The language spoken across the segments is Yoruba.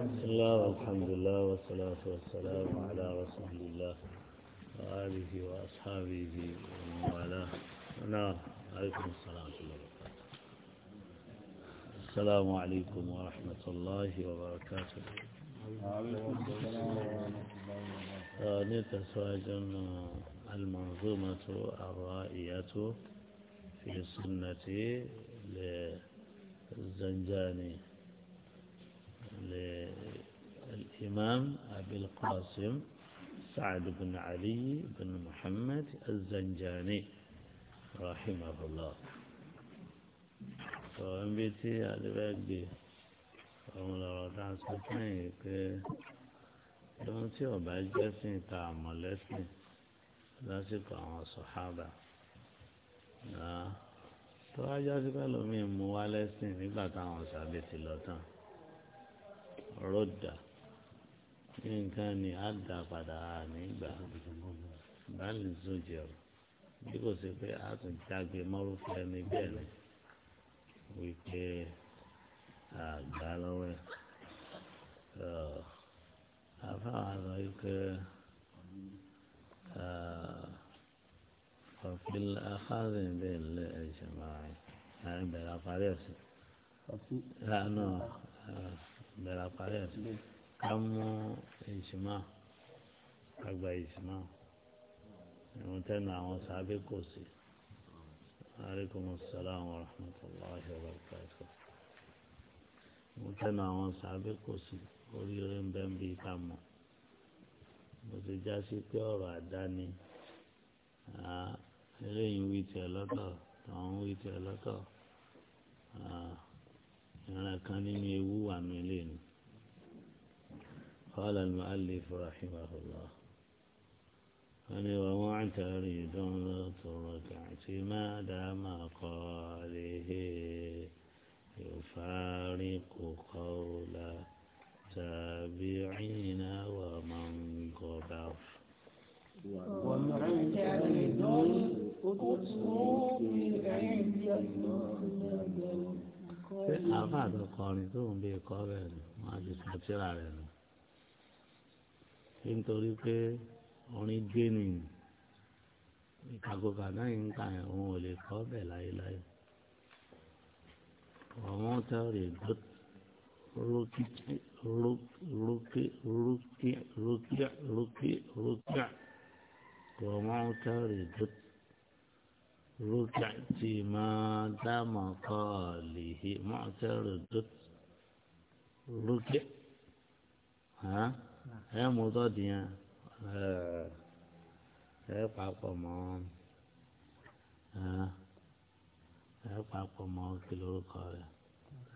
بسم الله والحمد لله والصلاة والسلام على رسول الله وآله وأصحابه ومن والاه أنا نعم، عليكم السلام السلام عليكم ورحمة الله وبركاته آه، نتسواج المنظومة الرائية في سنة للزنجاني للإمام أبي القاسم سعد بن علي بن محمد الزنجاني رحمه الله فأنا بيتي على بعدي àwọn ọ̀rọ̀ tá a sọ fẹ́yìn pé ohun tí ọba jẹ́ sí ta àmọ̀lẹ́sìn lásìkò àwọn sọ̀hábà ah, tó wá jásí pẹ́ lómi mú wá lẹ́sìn nígbà táwọn sàbẹ̀ ti lọ tán rọ́dà ní nǹkan ni á dà padà nígbà báyìí tó jẹrọ bí kò sí pé a tún jágbe mọ́rú fún bẹ́ẹ̀ ni wípé àgbà lọ́wọ́ ẹ̀ afáwọn lọ wípé ọ̀fìn afáàzìn bẹ́ẹ̀ lé ẹ̀ṣẹ̀ máa ń bẹ̀rẹ̀ àparí ẹ̀sìn bẹ̀rẹ̀ àparí ẹ̀ ká mú ìsìmá àgbà ìsìmá ìwọ̀n tẹ́nu àwọn sábẹ́ kò sí. aleykum salaam wa rahmatulahi wa barakatuh. ìwọ̀n tẹ́nu àwọn sábẹ́ kò sí oríire ń bẹ́ bí ká mo ti já sí pé ọ̀rọ̀ àdáni eléyìí ń wí tiẹ̀ lọ́tọ̀ tọ̀hún ń wí tiẹ̀ lọ́tọ̀. أنا كان وعملين قال المؤلف رحمه الله أنا ومعترض لط الركعة ما دام قاله يفارق قول تابعين ومن قبر ومعترض أطلق من ما قاله ṣé àáfàá tó kọrin tó ń bè kọ́ rẹ̀ ni wọ́n á ti sọ síra rẹ̀ nù. nítorí pé orin dé ni ìkàgòkà náà ń kà yẹn òun ò lè kọ́ bẹ̀ láéláé. ọ̀wọ́n tẹ́rì gbó rókíà wọ́n tẹ́rì gbó. ركعتي ما دام قاله معترض ركع ها هي مضاد يا هي بابا مام ها هي بابا مام كيلو قال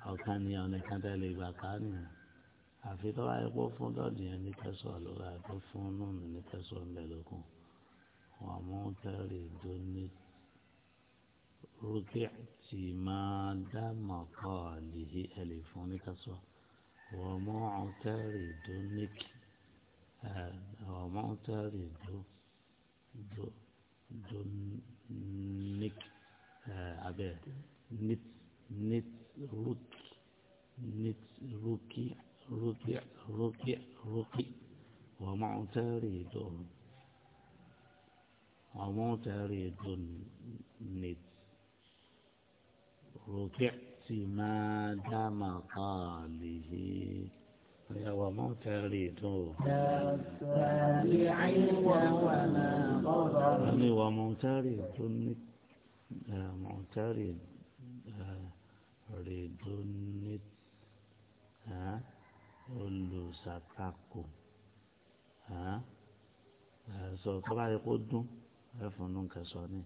او كان يا انا كان ده لي بقاني àfi tó bá yẹ kó fún dọ́ọ̀dì yẹn ní kẹsàn-án ló bá yẹ kó fún nùnú ní kẹsàn-án bẹ́ẹ̀ lókun wọn mú tẹ́rì dóní ركعت ما دام قاله ألف نكسوة ومعترض نك ومعترض دنك عباد نت نت رك نت ركي ركع ركع ركي ومعترض ومعترض نت ركعت ما دام قاله ومنفرد كالسابع وما غضب ومنفرد معترض ردنت ها قلو ساتاكو ها sọ tó bá yẹ kó dún ẹ fún un nǹkan sọ ni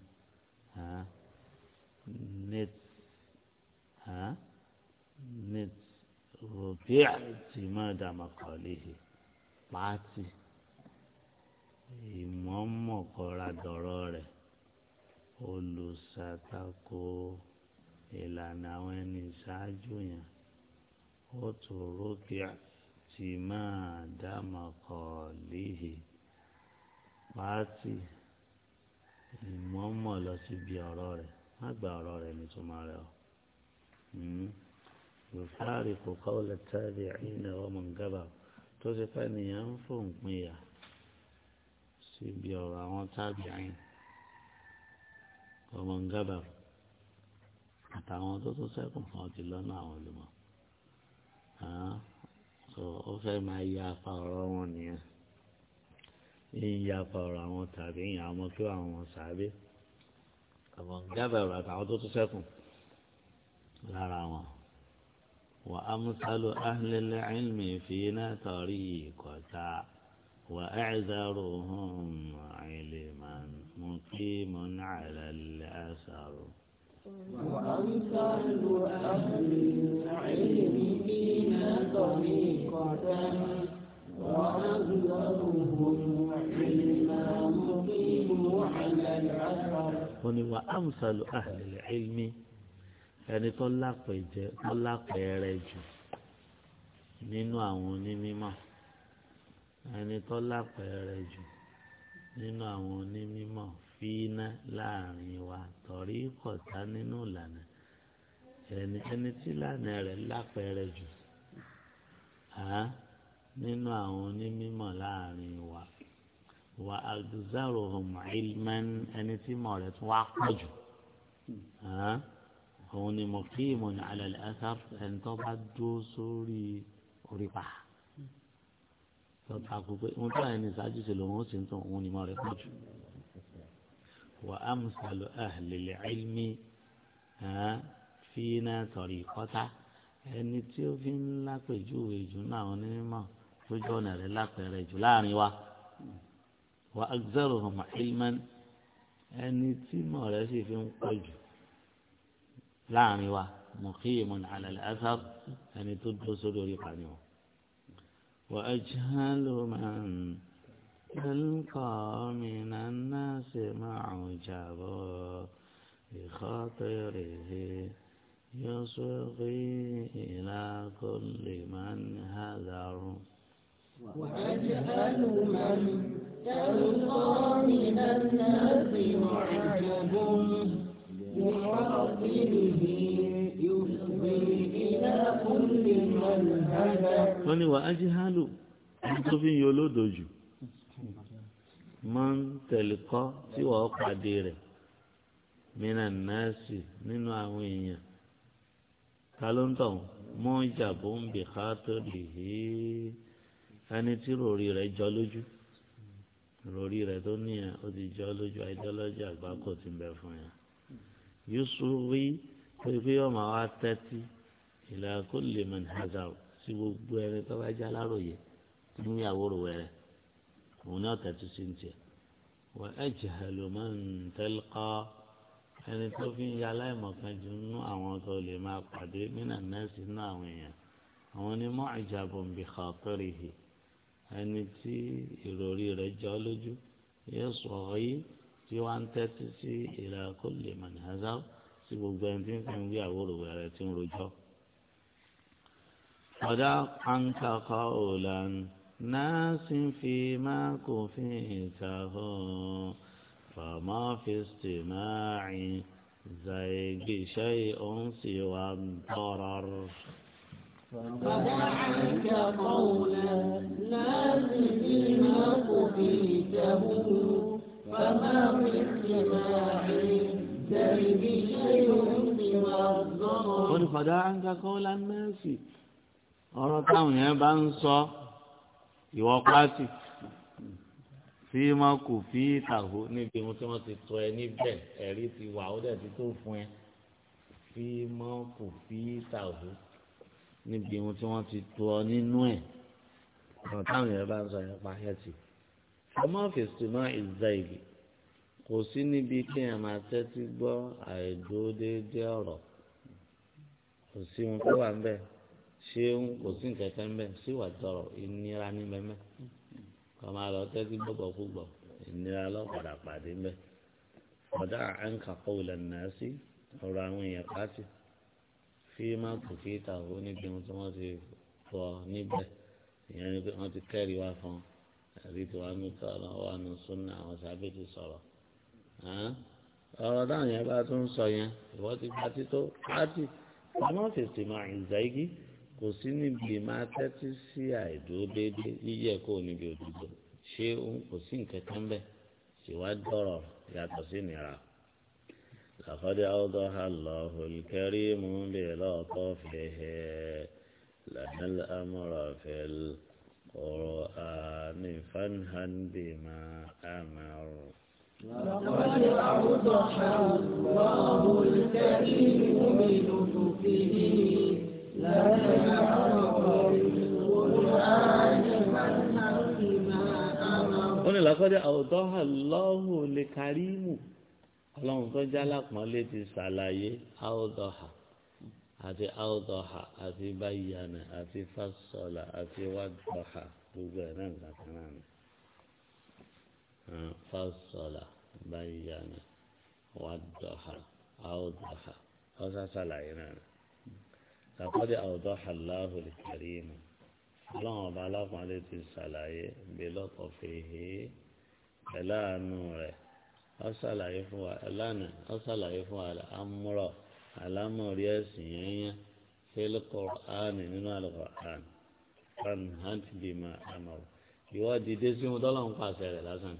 net ربيع اعتماد مقاله pàtì ìmọ̀ọ́mọ̀kọ́ra dọ̀rọ̀ rẹ̀ olùṣàtakò ìlànà àwọn ẹni ìṣáájú yẹn ó tó rọ́bìà tí máa dámọ̀kọ́ léhe pàtì ìmọ̀ọ́mọ̀ lọ síbi ọ̀rọ̀ rẹ̀ má gba ọ̀rọ̀ rẹ̀ nítorí rẹ̀ o. يفارق قول التابعين ومن قبل توزف أن ينفهم ميا سيبيا وعوان تابعين ومن قبل àtàwọn tó tún sẹ́kùn fún ọtí lọ́nà àwọn olùmọ̀ ó fẹ́ máa ya apá ọ̀rọ̀ wọn nìyẹn yíyan ya apá ọ̀rọ̀ àwọn tàbí ìyàn àwọn kí àwọn sàábé àwọn gábẹ̀rù àtàwọn tó tún sẹ́kùn. لرعما وأمثل أهل العلم فينا طريق وتع وأعذرهم علما مقيم على الأثر وأمثل أهل العلم فينا طريقة وأعذرهم علما مقيم على الأثر وأمثل أهل العلم ẹni tó lápẹ̀jẹ́ tó lápẹ̀ẹ́rẹ́ jù nínú àwọn onímọ̀ ẹni tó lápẹ̀ẹ́rẹ́ jù nínú àwọn onímọ̀ fínà láàrin wa torí kọ̀tà nínú ìlànà ẹni ẹni tí ìlànà rẹ̀ lápẹ̀ẹ́rẹ́ jù nínú àwọn onímọ̀ láàrin wa wà àgùzàrò ọmọ ilmẹ́ni ẹni tí mọ̀ rẹ̀ tún wá pọ̀ jù òun ni muqimun ala al-athar ẹni tó bá dúró sórí orípa tọ́ta kò pé ohun tó àyìn ní ìsájú ṣe lòun ó sì ń tàn òun ni mo rẹ̀ pọ̀ jù. wa amsalu ahli al-ilmi eh, fínà tariqata ẹni tí ó fi ń lápèjúwe jù náà àwọn onímọ̀ lójú ọ̀nà rẹ̀ lápẹ̀rẹ̀ jù láàrin wa wa aktharuhum ilman ẹni tí mọ̀ rẹ̀ sì fi ń pọ̀ jù. لعنوة ومقيم على الأثر أن يعني تد صدور قانوة وأجهل من تلقى من الناس مع جابه بخاطره يصغي إلى كل من هذر وأجهل من تلقى من الناس معجبه wọ́n ní wà á jí hálù tó fi ń yọ olódò jù máa ń tẹ̀lé kọ́ tí wọ́n pàdé rẹ̀ mìíràn náàsì nínú àwọn èèyàn ta ló ń tàn mọ́ ìjàbọ̀ ń bì ká tó lè hé ẹni tí ròrí rẹ̀ jọ lójú ròrí rẹ̀ tó níyà ó ti jọ lójú àìdọ́lọ́jà àgbákò ti ń bẹ fún yẹn yusufi pépé ọmọ wa tẹ́tí ìlà kó lè mọ̀ nàzàrò sí gbogbo ẹni tó bá jẹ́ aláròye nínú ìyàwó rò wẹ̀rẹ̀ òun náà tẹ́tí sí ń tiẹ̀. wà á jẹ́ àlùmọ́ ntẹ́lẹ́kọ́ ẹni tó fi ń ya aláìmọ̀kan jù nínú àwọn tó lè máa pàdé nínú nẹ́ẹ̀sì nínú àwọn èèyàn àwọn ni mọ́ àjàbọ̀ ń bì ẹni tí ìròrí rẹ̀ jọ lójú yóò sọ̀rọ̀ yìí tí wọ́n ń tẹ́tí sí ìlà kólé mọ̀nìhàzá sí gbogbo ẹni tí ń fi ń wí àwòrò rẹ̀ tí ń rojọ́. ọ̀dà àǹkàkọ́ òòlàn náà sì ń fi máa kò fi ìtàkùn fàmọ́ fèsì máa rìn zàìgbéṣẹ́ òun sì wà dọ́rọ̀rọ̀. فدع قولا لازم ما قبلته فما في اجتماع الدرب شيء سوى الضرر قل قد عنك قول الناس ọ̀rọ̀ táwọn yẹn bá ń sọ ìwọ pátì tí wọn kò fi ìtàwó níbi ohun tí wọn ti tọ ẹ níbẹ̀ ẹ̀rí ti wà ó dẹ̀ ti tó fún ẹ tí wọn kò fi ìtàwó níbi ohun tí wọn ti tọ nínú ẹ ọ̀rọ̀ táwọn yẹn bá ń sọ yẹn pa ẹ tì ọmọ fèsìmọ́ ìzáìlì kò sí níbi kí ẹ máa tẹ́tí gbọ́ àìdúródéédé ọ̀rọ̀ kò sí ohun tó wà ń bẹ̀ ṣé kò sí nǹkan kan bẹ̀ sí wà tọrọ ìnira ní mẹ́mẹ́ kò máa lọ tẹ́tí gbọ́gbọ́ púpọ̀ ìnira lọ́kọ̀dà pàdé ń bẹ̀ ọ̀dà àǹkà kọ̀wìlẹ̀ nàá sí ọ̀rọ̀ àwọn èèyàn pàtì fi máa kù fi ìtàwọ́ níbi ohun tí wọ́n ti fọ níbẹ̀ ìyẹn ni pé wọ́n ti kẹ́rì wá fún un àdìtò wa nù tọ́ ọ̀nà wa nù súnà àwọn sábẹ́ ti sọ̀rọ̀ ọ̀rọ̀ dáhùn yẹn bá tún sọ yẹn ìwọ́n ti gba tító láti ọmọ fèsì máa ń zàgí kò sí níbi máa tẹ́tí sí àìdúró déédéé yíyẹ kó níbi òdodo ṣé kò sí nǹkan kan bẹ́ẹ̀ ṣèwádìí ọ̀rọ̀ yàtọ̀ sí nira. لقد أوضح الله الكريم بلطفه لنا الأمر في الأرض قرآن فانها بما أمر لقد أوضح الله الكريم بلطفه لا تعرف القرآن فانها بما أمر قل لقد أوضح الله الكريم ọlọ́run tó jálá pọ́n létí ṣàlàyé áódọ́hà àti áwùdọ̀hà àti báyìíyànà àti fásọ̀là àti wádọ̀hà gbogbo ẹ̀ náà nǹkan kan náà ni fásọ̀là báyìíyànà wádọ̀hà áwùdọ̀hà ọ̀sán sàlàyé náà ni làkọ́dé áwùdọ̀hà láhùn kàrímù ọlọ́run ọba alákùnrin lè ti sàlàyé bílọ́kọ̀ fèhé ẹ̀láàánú rẹ̀ ó sàlàyé fún wa ẹ̀láàánú ó sàlàyé fún wa amúrọ̀ àlámọ̀rí ẹ̀sìn yẹn yẹn fẹ́lẹ́kọ̀ áàmì nínú àlùkò áàmì kan hàǹtì bíi máa àmọ̀rọ̀ ìwọ́ dìde sí wọn tọ́lọ́run pàṣẹ rẹ̀ lásán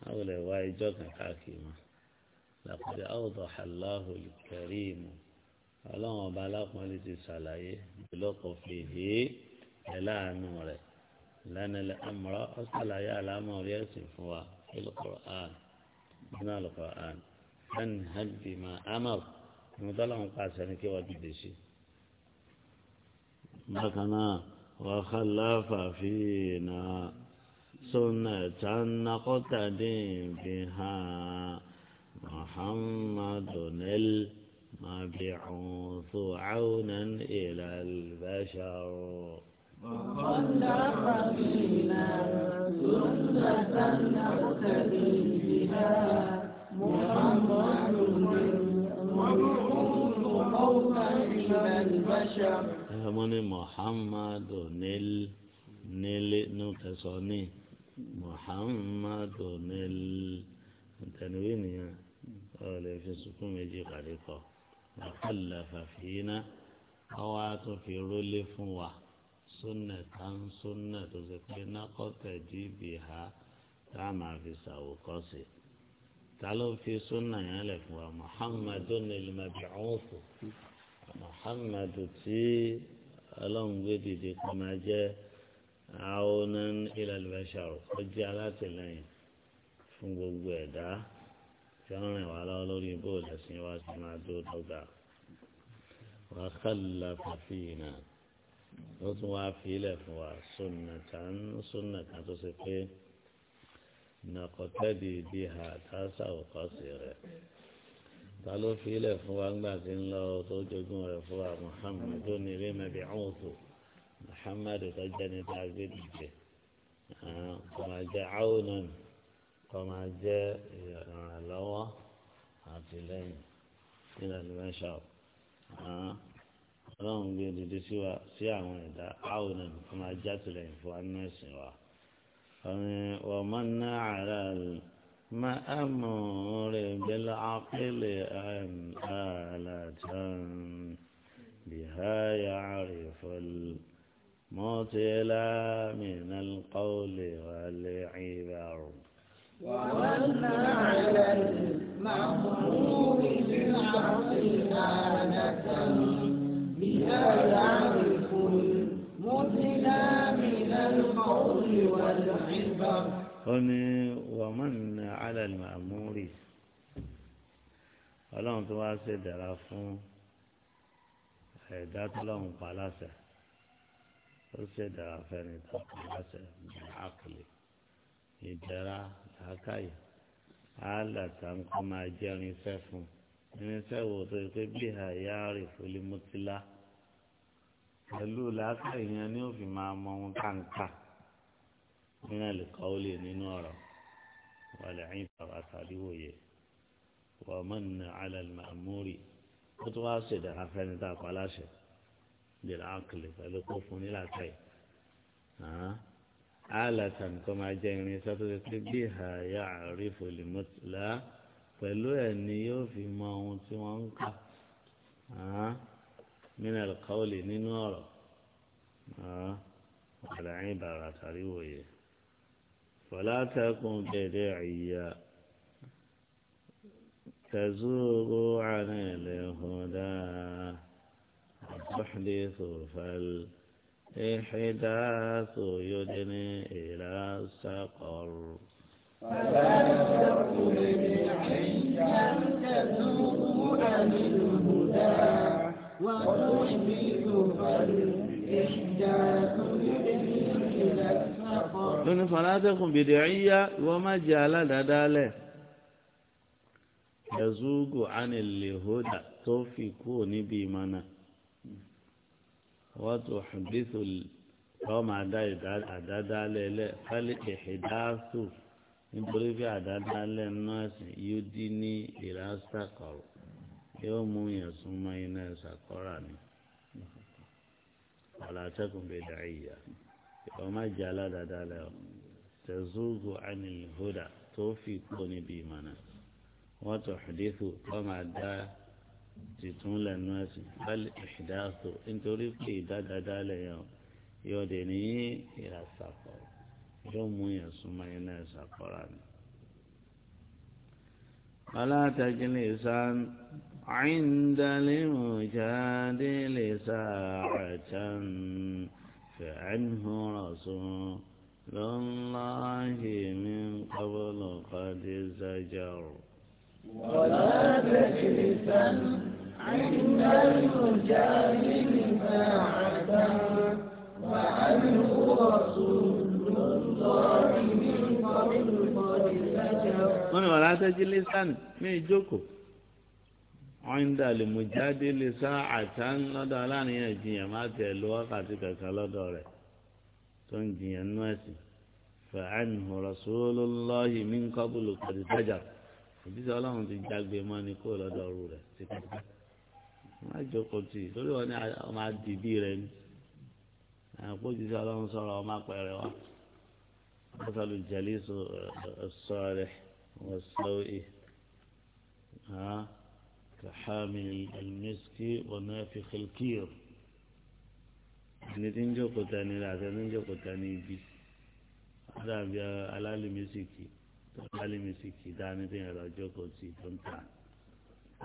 báwo lè wá ìjọ kan káàkiri mọ́ làkúndé àwòtọ́ aláhù kẹrìmù ọlọ́run ọba alákùnrin ti ṣàlàyé ìlọ́kọ̀ fèhé ẹ̀ láàánú rẹ̀ lánàlẹ́ àmọ́rọ́ ó ṣàlàyé àlámọ̀rí ẹ̀sìn fún wa fẹ́lẹ́kọ̀ áàmì nínú àlùkò áàmì kan hàǹtì bíi máa àmọ̀rọ̀. مدلهم قاسني كي واجي ديشي مكنا وخلف فينا سنة نقتدي بها محمد المبعوث عونا إلى البشر وخلف فينا سنة نقتدي بها محمد المبعوث ẹ̀mọ́ni muhammadu níl nílé ní kẹsàn ní muhammadu níl ntẹ̀nuwé nìyẹn ọ̀rọ̀ lè fi sùkún méjì pàdé kọ́ àkàlà fàfihìnà ọwọ́ àti fi rólé fún wa súnà tán súnà tó ti pé nákọ́tẹ̀ dìbì ha tá fi ṣàwòkọ́ sí i ta ló fi súnà yẹn lẹ̀ fún wa muhammadu nilmabi'ufu muhammadu tí ọlọ́run gbé dìde kó máa jẹ́ aonan ilalbasharu ó jẹ́ alátìlẹ́yìn fún gbogbo ẹ̀dá tí wọ́n rìn wá lọ́wọ́ lórí bóòlù ẹ̀sìn wa ti máa dúró dọ́gba wàhálà fàfihàn ó tún wá fi ilẹ̀ fún wa súnà kan súnà kan tó ṣe pé nàkọ́tẹ́dì bí ha tásà òkọ́ sí rẹ̀ ta ló fi ilẹ̀ fún wa ńgbà tí ń lọ tó jogún rẹ̀ fún wa Muhammad tó ní ilé mẹ́bí ọ̀tún Muhammad tó jẹ́ ní tàbí dìde kò máa jẹ́ áwòrán kò máa jẹ́ ìrànlọ́wọ́ àtìlẹ́yìn nílẹ̀ ní mẹ́ṣọ́ọ̀ ọlọ́run gbé dìde sí àwọn ẹ̀dá áwòrán kò máa jẹ́ àtìlẹ́yìn fún wa nínú ẹ̀sìn wa. ومن على المأمور بالعقل أن آلة بها يعرف المطلع من القول والعبر ومن على المأمور بالعقل آلة بها يعرف ni wà má nà alẹ́ màmúrì ọlọ́run tó wá ṣe dára fún ẹ̀dá tó lọ́run pa láṣẹ ó ṣe dára fẹ́ni tó pa láṣẹ àkùlẹ̀ ìdára làákàyè alàtà ń kọ́ máa jẹ́ irinṣẹ́ fún irinṣẹ́ wo tó yẹ pé bí àyà rẹ̀ fúlimútìlá pẹ̀lú làákàyè yẹn ni ó fi máa mọ ohun tá ń kà nínú àlùkọ́ọ́lì nínú ọ̀rọ̀ wà lẹ́yìn bàbá sàdíwòye wà mọ́nà alàlùmọ́múrì ó tún wáá ṣèdè afẹ́nitá paláṣẹ bẹ̀rẹ̀ àkìlẹ̀ pẹ̀lú kó fún nílà tẹ̀ alàtàn kó máa jẹ́ irinṣẹ́ tó ti pé bí ìhàyà àrífò lè mọ́tìlá pẹ̀lú ẹ̀ ni yóò fi mọ ohun tí wọ́n ń kà nínú àlùkọ́ọ́lì nínú ọ̀rọ̀ wà lẹ́yìn bàbá sàdíwòye. ولا تكن بدعيا تزوغ عن الهدى تحدث فالإحداث يدني إلى السقر فلا تكن بدعيا تزوغ عن الهدى وتحدث fàlàtẹkùn bìdìríyà ìwọ má jẹ aládàádálẹ ẹzúgò ánìlèhódà tó fi kúrò níbi ìmọ̀nà wọ́n tó xùdíṣù lọ́wọ́ máa dá àdádálẹ̀ lẹ̀ fálí ìhìdáṣù nítorí pé àdádálẹ̀ nọ́ọ̀sì yóò dín ní ìlàsàkọ̀rọ̀ yóò mú yẹn iná ìsàkọ́rà ni fàlàtẹkùn bìdìríyà. وما جعل دادا تزوغ عن الهدى توفيقون بيمانا وتحدث وما دا تتون للناس بل إحداث انت رفقي دادا دالا يودني إلى السفر يوم يسمى الناس السفر ولا تجلس عند المجادل ساعة فعنه na-ahịa ọrụ laeme kalazjrụ jkodlmjlialr tó ń jiyàn nú ẹ̀sìn fa'anhu rasulullahi min qablu qad tajar òbíṣẹ́ ọlọ́run ti jágbe mọ́ ni kó lọ́dọ̀ ọrù rẹ̀ tipẹ́tipẹ́ má jókòó tì í torí wọn ni ọmọ àdìbí rẹ ni àpòjìṣẹ́ ọlọ́run sọ̀rọ̀ ọmọ apẹ̀rẹ̀ wa mọ́sálù jalisu as-salih was-sawi kàhámi al-miski wa nafikh al-kir ẹni tí ń jókòó tani rẹ àti ẹni tí ń jókòó tani ibi ó dàbí alálìmísìkì tó alálìmísìkì dání tí yẹn lọ jókòó tì tó ń tà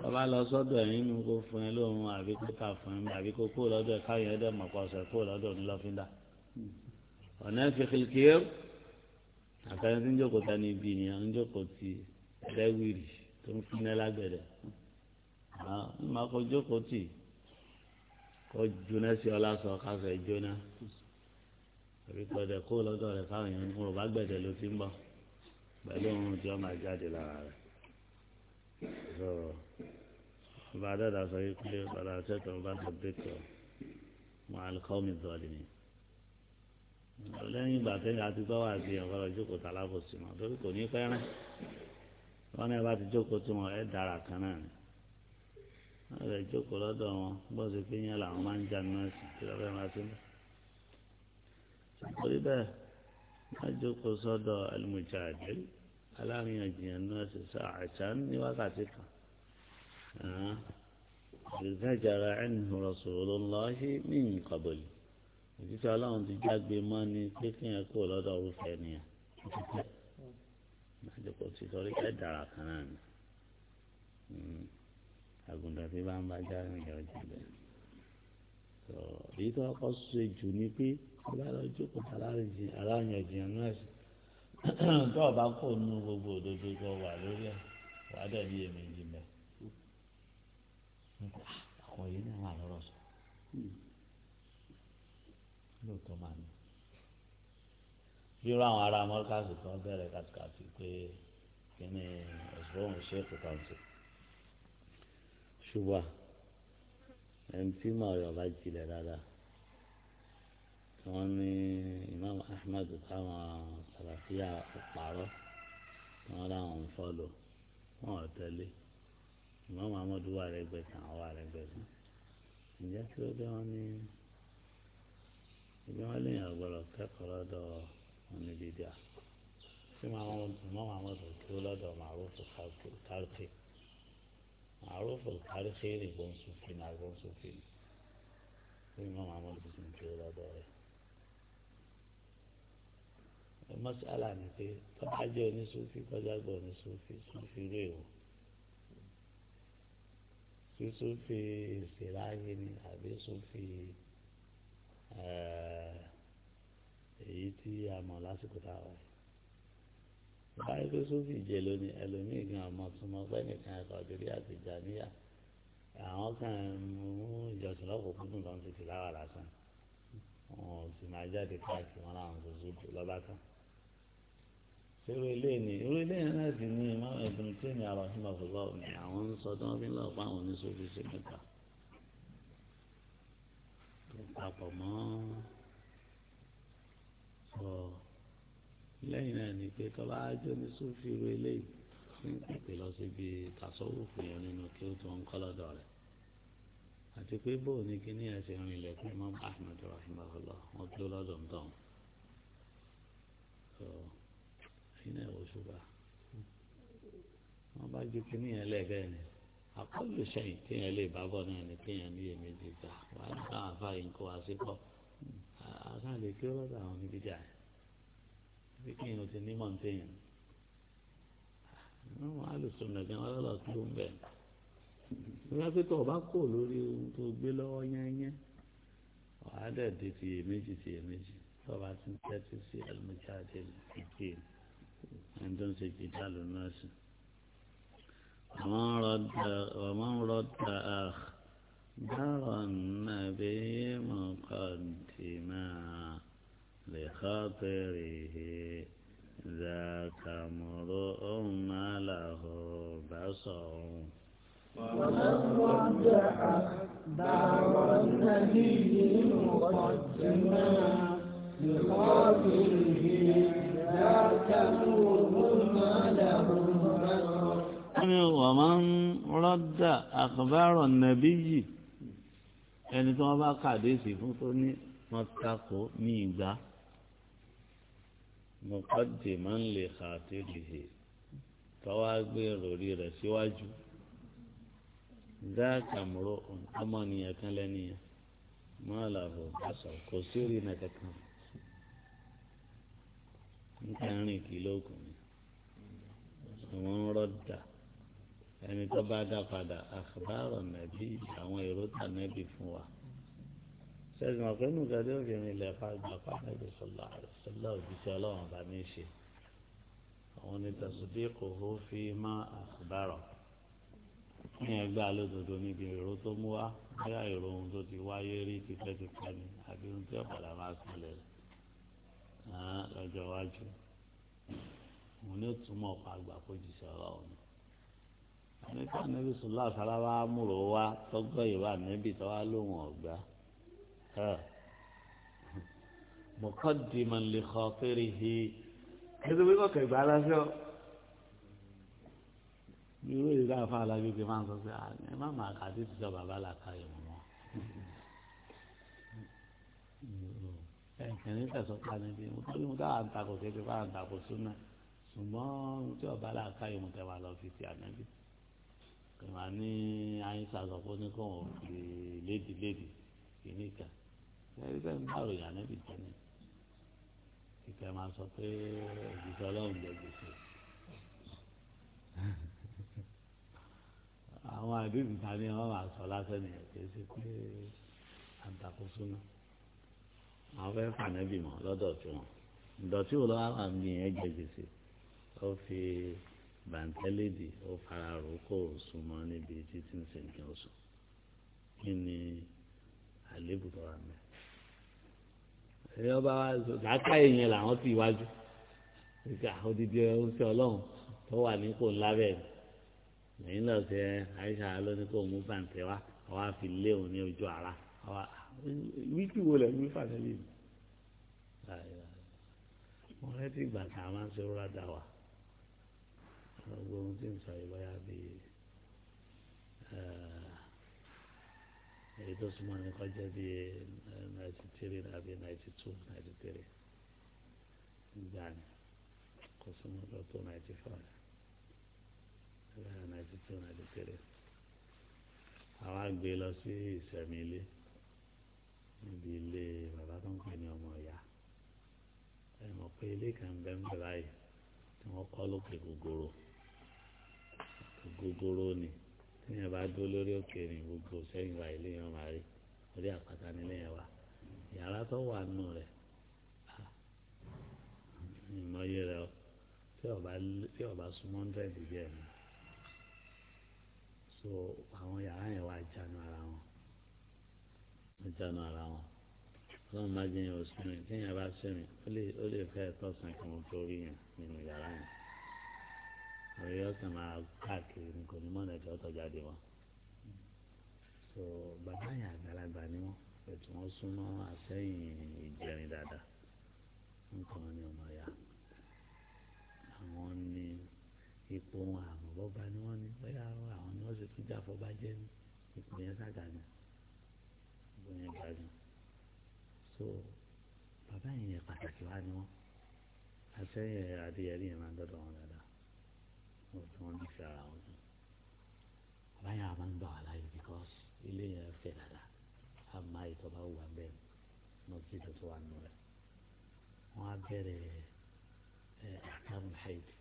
bàbá lọ sọ́dọ̀ ẹ nínú kó fún ẹ lóhun àbí kó ta fún ẹ àbí kó kó lọ́dọ̀ ẹ káyọ ẹdẹ mọpọ ọsẹ kó lọ́dọ̀ ní lọfíńdà ọ̀nà ìfikìlìkìyẹ àtàwọn tí ń jókòó tani ibi nìyẹn ń jókòó ti kọ́ jóná sí ọ lásán kásẹ̀ jóná àbí gbọ́dọ̀ kó lọ́dọ̀ rẹ̀ fáwọn èèyàn ní wọn bá gbẹ̀dẹ̀ ló ti ń bọ̀ pẹ̀lú ohun tí wọ́n máa jáde lára rẹ̀ sọ̀rọ̀ ọba dàda sọ yìí pé padà sẹ́tọ̀ bá tó dẹ́tọ̀ wọn alikọ́mi dọ́ọ̀lì ni lẹ́yìn ìgbà tẹ́yìn àti gbọ́ wà sí ọ̀gọ́dọ̀ jókòó tá alábòsí mọ́ torí kò ní pẹ́rẹ́ wọn náà bá ti jókòó tó wọn ẹ̀ dára kan náà ni ẹ̀rẹ̀ ìjókòó lọ́dọ̀ wọn bó ṣe fi yẹn làwọn máa ń jà nínú ẹ̀sìn kí lọ́fẹ́ máa ṣe bẹ́ẹ̀. torí bẹ́ẹ̀ wọ́n jókòó sọ́dọ̀ alimujadil aláàríyànjiyàn nínú ẹ̀sìn sá àṣà ní wákàtí kan. ìdájára ẹni Rasulullahi min qabli òjíṣẹ́ ọlọ́run ti jágbe mọ́ ni pé kí yẹn kúrò lọ́dọ̀ orúfẹ́ nìyẹn. ìdájọ́ kò àgùntàn tí bá ń bá já ìjà ọjà bẹ́ẹ̀. èyí tó kọ́ ṣe jù ni pé bí bá lọ jókòó aláàyànjiyàn náà sí tó o bá kó nu gbogbo òdodo tó wà lórí ẹ̀ wàá dẹ̀ ní èméjì mẹ́. àwọn yìí náà wà lọ́rọ̀ sọ lóòótọ́ máa ní. bírò àwọn ará mọ́ríkàsì kan bẹ̀rẹ̀ kàtìkàtì pé kí ni ẹ̀sùn òun ṣe é kó kàǹtì ṣùgbọ́n ẹni tí màá rẹ̀ ọba jilẹ̀ dáadáa wọ́n ní Imam Ahmed táwọn sàlàfíà pààrọ̀ wọ́n láwọn ń fọ́lò wọ́n ò tẹ́lẹ̀ Imam Ahmed wà lẹ́gbẹ̀ẹ́ kan àwọn wà lẹ́gbẹ̀ẹ́ kan ǹjẹ́ kí ló dé wọ́n ní ìgbẹ́ wọn léèyàn gbọ́dọ̀ kẹ́kọ̀ọ́ lọ́dọ̀ onídìdíà tí Imam Ahmed kí ó lọ́dọ̀ màrúfù kárìkì. معروف الخارخيري بن صوفي مع بن صوفي الإمام عمل بسم كده داري مسألة نتي طبعا جوني صوفي فجا جوني صوفي صوفي ريو في صوفي سلاجين أبي صوفي آه èyí tí a mọ̀ báyìí pé sófì jẹ lónìí ẹlòmíì gan àmọ́ tó mọ pé nìkan ẹ̀kọ́ àdúrí àti ìjàníyà àwọn kan mú ìjọsìn lọ́kùnkúndùn lọ́n ti ti láwà lásán wọn ò sì máa jáde káàkiri wọn láwọn tó sódò lọ́ba kan. irú ilé ni irú ilé yẹn náà sì ní ìmọ̀ ẹ̀dùn tí èmi àrò ìmọ̀ fúlọ́ ni àwọn ń sọ tí wọ́n fi ń lọ pa àwọn oníṣòfì sí mẹ́ta tó papọ̀ mọ́ sọ lẹ́yìn náà ni pé tọ́lá ájó ní sófìrú eléyìí tí ń pèpè lọ síbi tàṣọ́wùfù yẹn nínú kí ó tó ń kọ́ lọ́dọ̀ rẹ̀ àti pé bóò ní kíní ẹsẹ̀ rìn ilẹ̀ pé mọ́ Ahmed rahimahullah wọ́n tó lọ́dọ̀ ń tàn so ẹ̀yin náà wò ṣùgbà wọ́n bá ju kíní yẹn lẹ́ẹ̀bẹ́ẹ̀ ni àkọlù sẹ́yìn téèyàn lè bá bọ̀ náà ni téèyàn ní èmi ti gbà wàá ní káwọn afáyín kó wa kí ó lọ́dọ̀ àwọn oníbíjà yẹn bí kéèyàn ti ní mọ̀ntẹ́yìn àwọn alùsùn nàgbẹ́ wọn lọ́la tó ń bẹ̀ nígbà pé tó o bá kò lórí ohun tó gbé lọ́wọ́ yányán wàá dẹ̀ di ti èméjì ti èméjì tó o bá ti ń tẹ́tí sí àlùmọ́jáde ìpè ẹni tó ń ṣe jìdá lónà sí. ومن رد أخ دار النبي مقدما لخاطر ورجع دعوى النبي مقدما لقاتله لا تلوم له ومن رد أخبار النبي ẹni tí wọ́n bá kàdéèsì fún tó ní wọ́n takò ní ìgbà mọ̀kọ́dé máa ń lè kàtẹ́lẹ̀ tọ́wọ́ gbé ròrí rẹ̀ síwájú. Si dáàkà mọ́rọ́ ọmọ nìyẹn kan lẹ́nìyẹn máa làbọ̀ bàṣà kò sí orí iná kankan nǹkan rìn kì í lóògùn ni àwọn rọ́dà ẹni tó bá dá padà àkàbàrọ̀ nàbí àwọn èrò tà nàbí fún wa sẹ́gun ọ̀pẹ́nu gàdé obìnrin ilẹ̀ fàgbà pàtàkì sọlá sọlá òjíṣẹ́ ọlọ́run bá ní í ṣe àwọn onítàṣùdí kò hó fi má àkàbàrọ̀ yẹn gbà lódodo níbi èrò tó mú wá bóyá èrò ohun tó ti wáyé rí tipẹ́tipẹ́ ni àbí ohun tí ọ̀padà máa ṣẹlẹ̀ lọ́jọ́ iwájú òun ni ó túmọ̀ ọ̀pá àgbà kó jìṣẹ́ ọlọ́run nípa níbi sùlá sálábà múrò wá tọ́gọ́ ìwà níbi tọ́wá lóhùn ọ̀gbá mọ̀kọ́dìmọ̀ lè irú èyí tá a fún alágbègbè máa ń sọ pé ẹ má máa kà sí ìtìjọ bàbá làkàyè mọ́ ẹnì tẹ̀sán pa níbi nítorí mo dáhà ń takò kéde bá ń takò súnà ṣùgbọ́n tí ọba làkàyè mo tẹ̀ wá lọ fi ti ànábì ìwà ní àyíṣà sọ pé ní kò wọ́n fi lédi lédi kìíní kan ẹni tẹ́ ń bàrò ìyá níbi tẹ́ni ìkẹ́ máa sọ pé òjijì ọlọ́run jẹ gbèsè. àwọn àdéhùn ta ni wọ́n máa sọ lásán ni ẹ̀ kìí ṣe pé àǹtakóso náà àwọn fẹ́ fànẹ́bì mọ́ lọ́dọ̀ tí wọn ìdọ̀tí wo lọ́wọ́ àwọn àmì yẹn jẹ gbèsè ó fi bàǹtẹ́lẹ́dì ó fara rò kó o sùn mọ́ níbi títí ń sìn kí o sùn kí ni àléébù tó wà mẹ́. ẹ ọba wa làákà èèyàn làwọn ti wájú ìgbà òdìdí ẹ ń sẹ ọlọ́run tó wà nípò ńlá bẹ́ẹ̀ ni èyí lọ sí ẹ lónìí kó mú fàǹtẹ wá àwa fi lé ní ojú ara wíkì wo lẹ wí fàǹtẹ yìí mo rántí ìgbà tá a máa ń ṣe rúra dà wá gbogbo ohun tí ń sọ yìí bóyá bíi eh, èyí tó súnmọ́ ní kọjá bíi eh, ninety three àbí ninety two ninety three ìgbà ni kò súnmọ́ tó tó ninety five ninety two ninety three àwọn àgbè lọ sí ìsẹ̀mí ilé níbi ilé bàbá tó ń pè ní ọmọ ìyá ẹ mọ̀ pé ilé kan bẹ́ẹ̀ ń bẹ̀ báyìí tí wọ́n kọ́ lókè gogoro gogoro ni tíyẹn bá dó lórí òkè ni gbogbo sẹ́yìn wa ilé yẹn máa rí orí àpáta nílé yẹn wà yàrá tó wà nù rẹ̀ ìmọ̀ye rẹ̀ tí ọba súnmọ́ ń tẹ̀sí jẹ́ mi so àwọn yàrá yẹn wà jánu ara wọn jánu ara wọn ọlọ́run má jẹ́ yẹn ò sinmi téèyàn bá sinmi ó lè fẹ́ tọ́sán kí wọ́n tó rí yẹn nínú yàrá yẹn òye ọ̀sán máa káàkiri ní kò ní mọ̀nà ẹ̀jẹ̀ ọ̀tọ̀ jáde wọn so bàbá yẹn àgbàlagbà ni wọn ètò wọn súnmọ́ àsẹ́yìn ìjẹrin dáadáa nǹkan ni ọmọ yàrá ipò wọn àmọ̀bọ́ba ni wọ́n ní bóyá àwọn ni wọ́n sì tún jáfọ́bá jẹ́ ní ipò yẹn sàgàgà ipò yẹn gàgà so bàbá yẹn yẹn pàtàkì wá ni wọ́n àtẹ́yìn adéyẹrí yẹn máa ń dọ́dọ̀ wọn dáadáa wọ́n fi wọ́n nífẹ̀ẹ́ ara wọn jù bàbá yẹn a máa ń gbà wá láàyè because ilé yẹn fẹ̀ dáadáa a máa yìí tó bá wù wá bẹ́ẹ̀ ní ọjọ́ ìdòtò wa nù rẹ̀ wọ́n á bẹ̀rẹ̀ ẹ̀ àkàmù haiti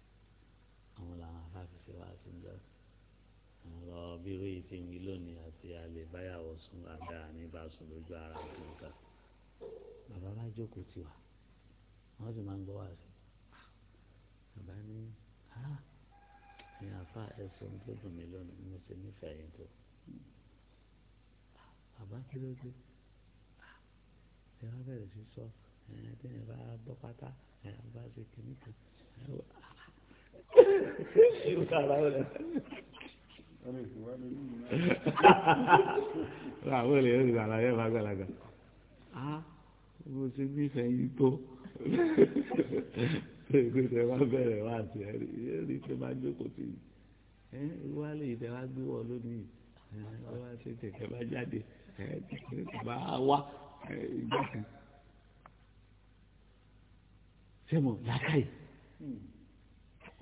àwọn làwọn afáfífẹ́ wa ti ń jọ ọ̀rọ̀ bírú yìí ti ń wí lónìí àti alẹ́ báyàwó sùn àgbà níbà sùn lójú ara àti nǹkan bàbá bá jókòó tì wá wọ́n sì máa ń gbọ́ wá sí bàbá ní ẹ̀yin àfa ẹ̀sùn tó dùn mí lónìí mo ṣe nífẹ̀ẹ́ yín tó bàbá kí ló wá bẹ̀rẹ̀ sí sọ ẹ̀ ẹ́ tẹ́yìn bá bọ́ pátá ẹ̀ bá ṣe kìnnìkan ẹ̀ wá àwọn èèyàn ti sàlàyé ẹ̀ fagbalaga a mo ti ní ìfẹ̀yìn tó ṣègbè tẹ wá bẹ̀rẹ̀ wá àti ẹ̀rí ẹ̀rí tẹ máa jókòó sí i ẹ̀ wá lè tẹ wá gbé wọ̀ lónìí ẹ̀ wá ṣe tẹ̀kẹ́ bá jáde ẹ̀ tẹ̀kẹ́ bá wá ẹ̀ ìgbà kan sẹ́mo làákàyè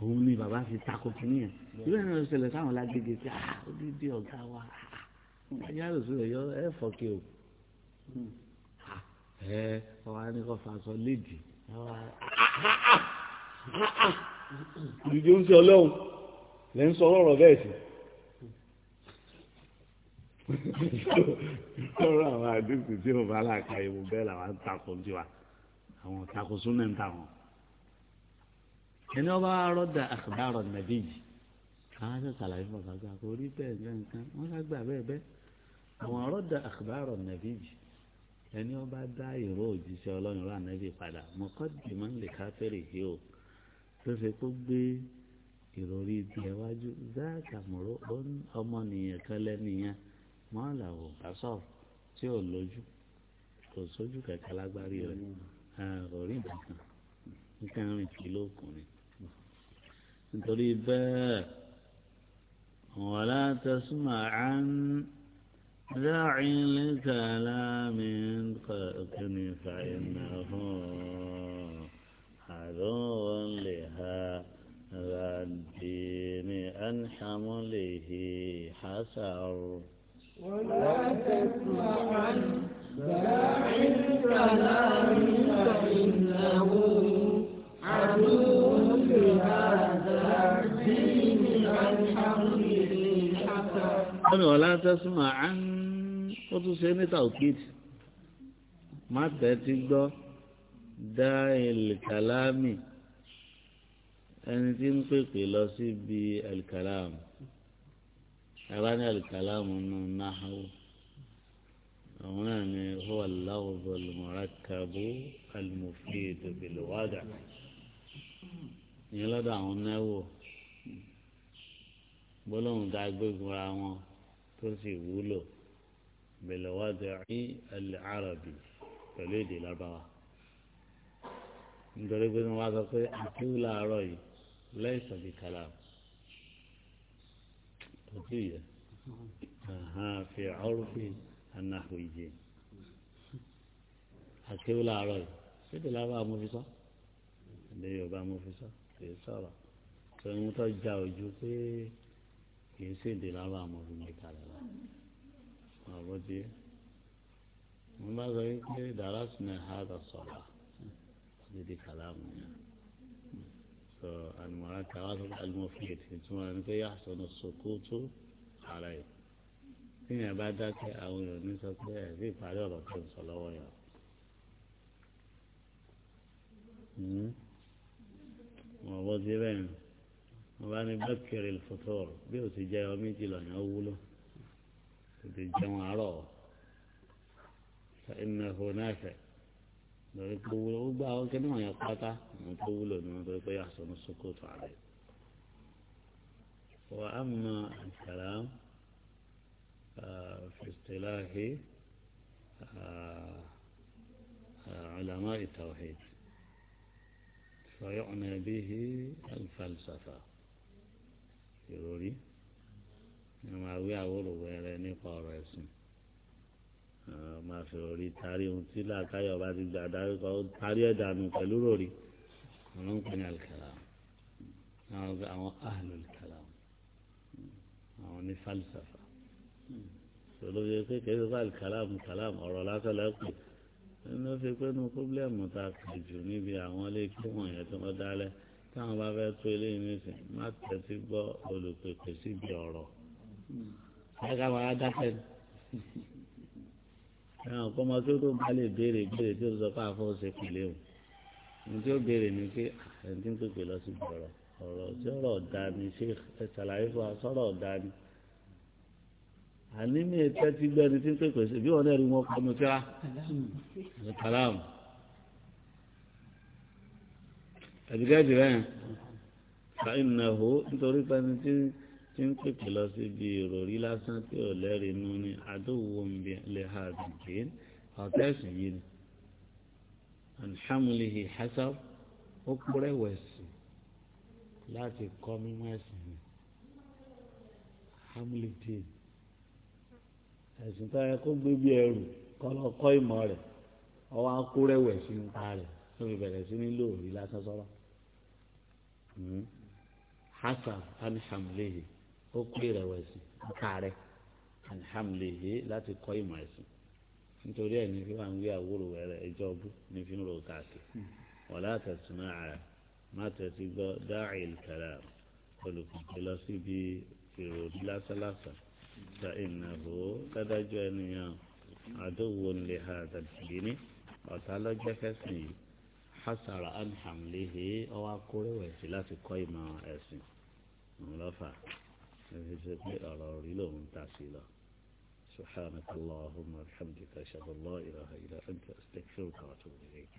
òun ni bàbá fi takò kínní yẹn ìlú ẹni ló ṣẹlẹ̀ sáwọn lágbègbè tí a ah, ó ní bí ọ̀gá wa ah, ajá ló ṣẹlẹ̀ yọ ẹ fọkẹ o ah, ẹ ọwọ́ ni kò ah ah ìdíje ń sọ ọlọ́run lẹ́ ń sọ ọlọ́rọ̀ bẹ́ẹ̀ sí lọ́rọ̀ àwọn àdínkù tí o bá láàka ìwò bẹ́ẹ̀ làwọn ń takò tiwa àwọn takò súnmẹ́ ń ta wọn ẹni ọba rọ́dà àkàbàrọ̀ nàbíyì àwọn ṣe ṣàlàyé fún ọ̀gá gbà kó rí bẹ́ẹ̀ gbẹ́ nǹkan wọ́n ṣá gbà bẹ́ẹ̀ bẹ́ẹ̀ àwọn rọ́dà àkàbàrọ̀ nàbíyì ẹni ọba dá ìró òjíṣẹ́ ọlọ́run rà nàbí padà mọ̀kọ́dì máa ń lè káfẹ́rì yìí o tó ṣe kó gbé ìròrí ìgbẹ́ wájú zákàmúrò ọmọnìyàn kan lẹ́nìyàn mọ́ọ̀lá ò bá sọ̀rọ̀ tí ò lójú kò sójú kẹ̀kẹ́ lágbárí rẹ̀ kò rí nǹkan rìn kí تريد ولا تسمع عن داعي لكلام قائقن فإنه عدو لها الدين أنحم له حسر ولا تسمع عن داعي الكلام فإنه عدو لها Wọ́n ní ọ̀la tẹ́sùmọ̀ à ń ó tún ṣe níta òkìtì. Má tẹ́tí gbọ́ dá ìlìkàlámì ẹni tí ń pèpè lọ síbi ìlìkàlámù. Ẹ̀rọ ní ìlìkàlámù nù náhàwó. Àwọn náà ni huwa al-lafzu al-murakkabu al-mufidu bil-wada'. Ìyẹn lọ́dọ̀ àwọn náà wò gbólóhùn tá a gbégun ra wọn tó sì wúlò bẹ̀lẹ̀wádìí ní alẹ́ àràbì pẹ̀lú èdè lábáwá nítorí pé wọ́n wá sọ pé àkíwù làárọ̀ yìí lẹ́yìn sọ̀bì kàlà kò tí ì yẹ fi ọ̀rùfin anáhù ìjẹ àkíwù làárọ̀ yìí síbi lábáwá mo fi sọ ilé Yorùbá mo fi sọ kì í sọ̀rọ̀ tó ń ojú pé kì í ṣèdè lára àwọn ọmọ ìkàlẹ̀ rẹ̀ ọ̀rọ̀ di mo bá sọ wípé dàrá sinmi hàdà sọ̀rọ̀ dídí kàlámù yẹn sọ àlùmọ̀ràn kàwá sọ àlùmọ̀fìyè tí túmọ̀ ní pé yà sọ̀nà sòkòtò ara yìí tíyẹn bá dákẹ́ àwọn èèyàn ní sọ pé ẹ̀ sí ìparí ọ̀rọ̀ tó ń sọ lọ́wọ́ yẹn. Hmm? mo bọ́ sí bẹ́ẹ̀ ni. وأنا بكر الفطور بيوت جاي وميجي لنا أوله تتجمع روح فإنه نافع ويقول أبا وكنا ما يقاطع أنه يحسن السكوت عليه وأما الكلام آه، في اصطلاح آه، آه، علماء التوحيد فيعنى به الفلسفه ìròrí máa wí àwòrò wẹrẹ nípa ọ̀rọ̀ ẹ̀sìn máa fi òrí tarí ohun tí làákàyọ̀ bá ti gbà darí kọ́ tarí ẹ̀ dànù pẹ̀lú ròrí àwọn ń pẹ̀lú àlùkàlà àwọn ahlul kalam àwọn ní falsafa olóyè pé kẹ́sì bá kàlámù kàlámù ọ̀rọ̀ lásán lẹ́kùn nínú fi pé nu pọ́blẹ́mù ta kàjù níbi àwọn ilé kí wọ́n yẹn tí wọ́n dálẹ́ táwọn bá fẹ́ tó eléyìí nísìn má tẹ̀sí gbọ́ olùpèpè síbi ọ̀rọ̀ ẹ ká máa dákẹ́ ni àwọn ọ̀pọ̀ ọmọ tó tó bá lè béèrè béèrè tí ó sọ pé àfọ́ ṣe pèlè o ohun tí ó béèrè ni pé ẹni tí ń pèpè lọ síbi ọ̀rọ̀ ọ̀rọ̀ tí ọ̀rọ̀ ọ̀dà ni ṣé ẹ ṣàlàyé fún wa sọ̀rọ̀ ọ̀dà ni àní ẹ tẹ́tí gbẹ́ni tí ń pèpè sí bí wọ́n náà rí wọn kọ́ mi tíra ẹ̀ àbígájì báyìí fàìnàhó nítorí pẹ́ni tí tí ń pèpè lọ síbi ìròrí lásán tí ò lẹ́rìí nú ni àdóhùn mi lè ha àgbègbè ọ̀tá ẹ̀sìn yìí ni alhamdulilayi hasab ó kúrẹ́ wẹ̀sì láti kọ́ mímọ́ ẹ̀sìn ni hamilton ẹ̀sìn tó yẹ kó gbé bí ẹrù kọ́ lọ kọ́ ìmọ̀ rẹ̀ ọwọ́ akúrẹ́ ń pa ó fi bẹ̀rẹ̀ sí ní lóòrí lásán sọ́rọ́. Hmm. hasan alihamdulilayi ó pè rẹ wẹsì ọkàrẹ alihamdulilayi láti kọ ìmọ̀ ẹ̀sìn nítorí ẹ̀ ní fi máa ń gbé àwòrò rẹ ẹjọ́ bú ní fi ń ro káàkiri wàlá tẹ̀sán ààrẹ má tẹ̀sí gbọ́ dáàì kẹlẹ́ olùkùnkùn lọ síbi ìròyìn lásánlásán ta ìnáwó dádájọ́ ẹnìyàn àdówó ńlẹ̀ ha tàbí ní ọ̀tá lọ́jọ́ fẹ́sìn yìí hasara anhamlihi ọwọ́ akórèwẹ̀sì láti kọ́ ìmọ̀ ẹ̀sìn ńlọ́fà ẹ̀fí ṣe pé ọ̀rọ̀ rí lòun ta sí lọ. سبحانك اللهم وبحمدك اشهد ان لا اله الا انت استغفرك واتوب اليك